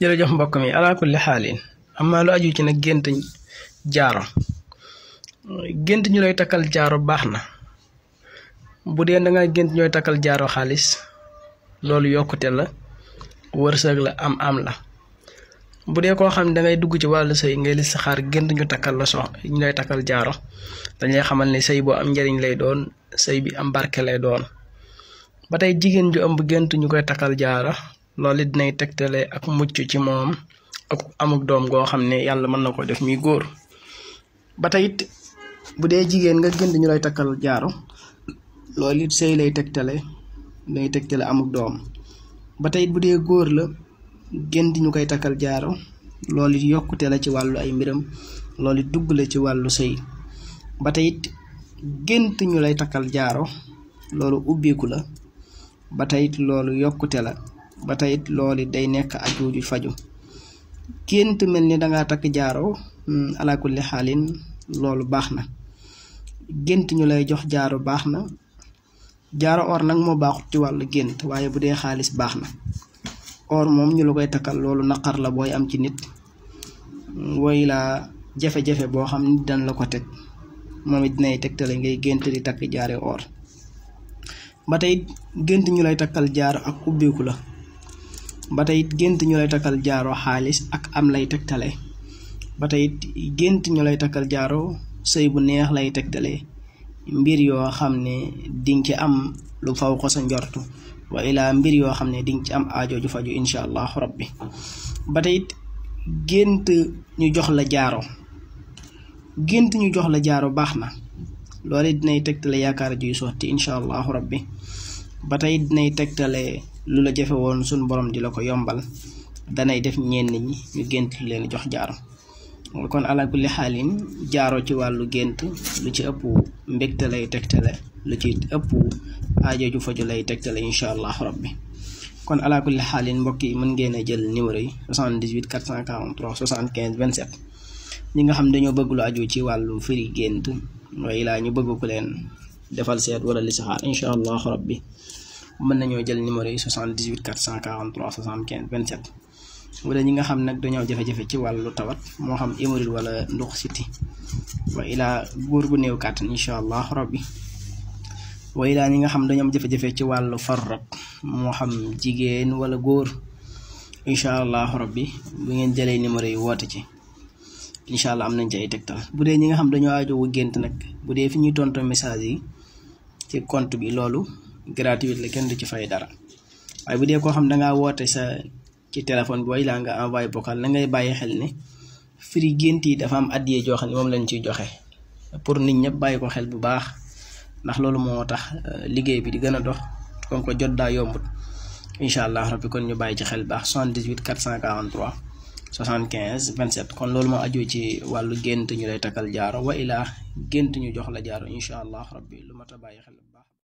jërëjëf mbokk mi ala kulli xaalin am naa lu aju ci nag gént jaaro gént ñu lay takal jaaro baax na bu dee da ngaa gént ñooy jaaro xaalis loolu yokkute la wërsëg la am am la bu dee koo xam da ngay dugg ci wàllu sëy ngay listixaar gént ñu takal la so ñu lay takal jaaro lay xamal ni boo am njariñ lay doon bi am barke lay doon ba tey jigéen ju ëmb gént ñu koy takal jaaro loolu dinay tegtale ak mucc ci moom ak amuk doom goo xam ne yàlla mën na ko def muy góor ba tayit bu dee jigéen nga gënd ñu lay takkal jaaru loolu it sëy lay tegtale nay tegtale amuk doom ba tayit bu dee góor la gënd ñu koy takkal jaaru loolu it yokkute la ci wàllu ay mbiram loolu it dugg la ci wàllu sëy ba tayit gént ñu lay takkal jaaro loolu ubbiku la ba tayit loolu yokkute la ba tey it loolu day nekk aju ju faju gént mel ni danga takk jaaro hmm, ala kulli xaalin loolu baax na gént ñu lay jox jaaro baax na jaaro or nag moo baaxut ci wàllu gént waaye bu dee xaalis baax na or moom ñu la koy takkal loolu naqar la booy am ci nit woy la jafe-jafe boo xam nit dañ la ko teg moom it dinay tegtale ngay gént di takk jaare or ba tey gént ñu lay takkal jaaro ak ubbeeku la ba tey gént ñu lay takkal jaaro xaalis ak am lay tegtale ba tey it gént ñu lay takkal jaaro sëy bu neex lay tegtale mbir yoo xam ne dinga ci am lu faw ko sa njortu wa ilaa mbir yoo xam ne dinga ci am aajo ju faju incha allahu rabbi ba tey gént ñu jox la jaaro gént ñu jox la jaaro baax na loolu dinay tegtale yaakaar juy sotti incha allahu rabbi batay dinay tektale lu la jafe won sun borom di lako yombal danay def ñen ñi ñu gënt leen jox jaar kon kulli halin jaaro ci walu gënt lu ci ëpp mbégte lay tegtale lu ci ëpp aaje ju faju lay tektale inshallah rabbi kon ala kulli halin mbokk yi mën ngeena jël numéro yi 78 443 75 27 ñi nga xam dañoo bëgg lu aju ci walu firi gënt way la ñu bëgg ku leen defal seet wala listixaar incha allah rabbi mën ñoo jël numéro yi 78 443 75 27 wala ñi nga xam nag dañoo jafe-jafe ci wàllu tawat moo xam hémorroïde wala ndox siti wa ilaa góor gu néew kàttan incha allah rabbi wa ilaa ñi nga xam dañoo am jafe-jafe ci wàllu farrat moo xam jigéen wala góor incha allah rabbi bu ngeen jëlee numéro yi woote ci incha allah am nañ ci ay tegtal bu dee ñi nga xam dañoo aajowoo gént nag bu dee fi ñuy tonto message yi ci compte bi loolu gratuit la kenn di ci fay dara waaye bu dee koo xam dangaa woote sa ci téléphone bi way laa nga envoyé vocal na ngay bàyyi xel ne firi gént yi dafa am addiyee joo xam ne moom lañ ciy joxe pour nit ñëpp bàyyi ko xel bu baax ndax loolu moo tax euh, liggéey bi di gën a dox kon ko jot daa yombut incha allah rabbi kon ñu bàyyi ci xel baax 78 443 75 27 kon loolu ma aju ci wàllu gént ñu lay takkal jaaro wa ilaa gént ñu jox la jaaro incha allah rabbi lu mat a bàyyi xel bu baax